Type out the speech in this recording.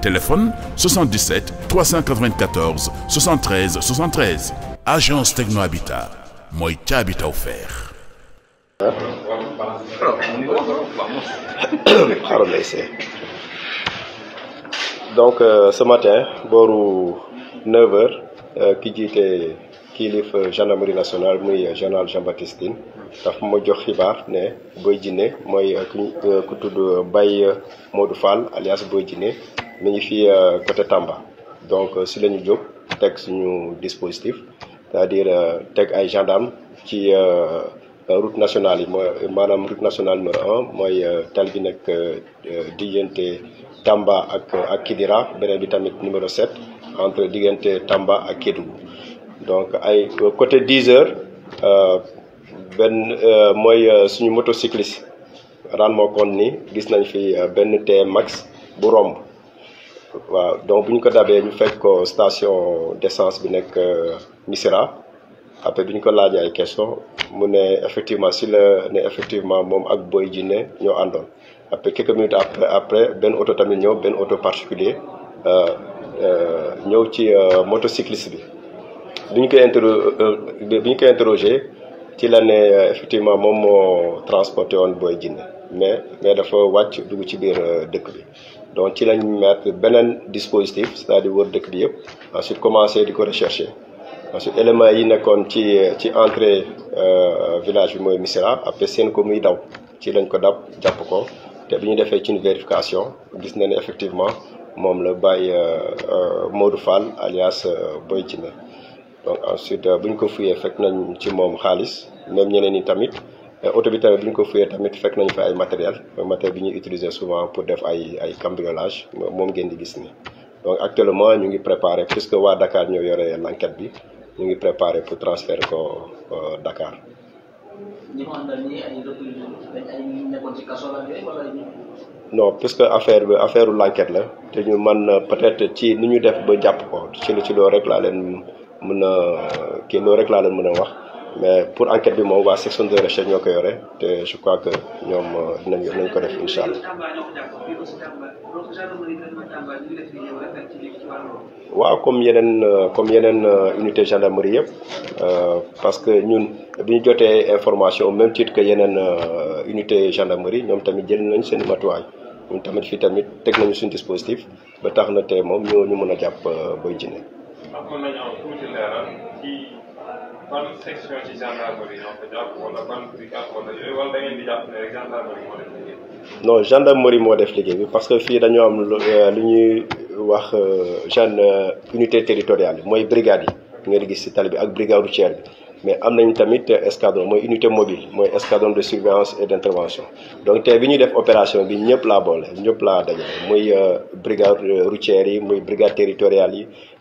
téléphone 77 394 73 73 agence Techno Habitat mooy ca Habitat offert. donc euh, ce matin booru 9 euh, ki jiite kilif gendarmerie nationale muy euh, général Jean Baptiste Tine daf jox xibaar ne Boy Djiné mooy ku tudd Baye Modou Fall alias Boy Djiné. mi ngi fii euh, côté Tamba donc euh, si lañu jóg teg suñu dispositif cest dire euh, teg ay gendarme ci route nationale yi mooy maanaam route nationale numéro un mooy tali bi nekk diggante Tamba ak ak Kidira beneen bi tamit numéro 7 entre diggante Tamba ak Kédougou donc ay côté 10 heures benn mooy suñu motocycliste ren moo kon ni gis nañ fi benn T max bu romb. waaw donc bu ñu ko dabee mu fekk ko station d'essence bi nekk euh, Missirah après bu ñu ko laajee question mu ne effectivement si la ne effectivement moom ak Boy Djiné ñoo àndoon après quelques minutes après après benn oto tamit ñëw benn oto particulier euh, euh, ñëw ci motocycliste bi bi ñu koy interro bi koy interrogé ci la effectivement moom moo transporté woon booy Djiné mais mais dafa wàcc dugg ci biir dëkk bi donc ci lañ mettre beneen dispositif cest à di wër dëkk bi yëpp ensuite commencé di ko rechercher que élément yi nekkoon ci ci entrée euh, village bi mooy missira après seen ko muy daw ci lañ ko dab jàpp ko te bi ñu defee ci une vérification gis na ne effectivement moom la Baye euh, euh, Modou Fall alias Boy Djiné donc ensuite bu ñu ko fuyee fekk nañ ci moom xaalis même ñeneen ñi tamit oto euh, bi tamit bi ñu ko fuyee tamit fekk nañu fa ay matériel matériel bi ñu utiliser souvent pour def ay ay cambriolage moom ngeen di gis ni donc actuellement ñu ngi préparé puisque waa Dakar ñoo yore l'enquête bi ñu ngi préparé pour transférer ko euh, Dakar. ñi ko àndal ñii ay affaire bi affaire l'enquête la te ñu man euh, peut-être ci ni ñu def ba jàpp ko ci lu ci loolu rek laa leen mën a kii loolu rek laa leen mën a wax. mais pour enquête bi moom waa section de recherche ñoo ko yore te je crois que ñoom euh, dinañ dinañ ko def incha allah. waaw comme yeneen euh, comme yeneen euh, unité gendarmerie yëpp parce que ñun bi ñu jotee information au même titre que yeneen unité gendarmerie ñoom tamit jël nañ seen matuwaay ñun tamit fii tamit teg nañu suñu dispositif ba tax na te moom ñoo ñu mën a jàpp Boy Djiné. ban section ci gendarmerie moo def liggéey non bi parce que fii dañoo am lu euh, ñuy wax euh, jeune euh, unité territoriale mooy brigade yi nga di gis ci tali bi ak brigade routière bi mais am nañ tamit escadron mooy unité mobile mooy escadron de surveillance et d' intervention donc te bi ñuy def opération bi ñëpp laa boole ñëpp laa dajale muy brigade routière yi muy brigade territoriale yi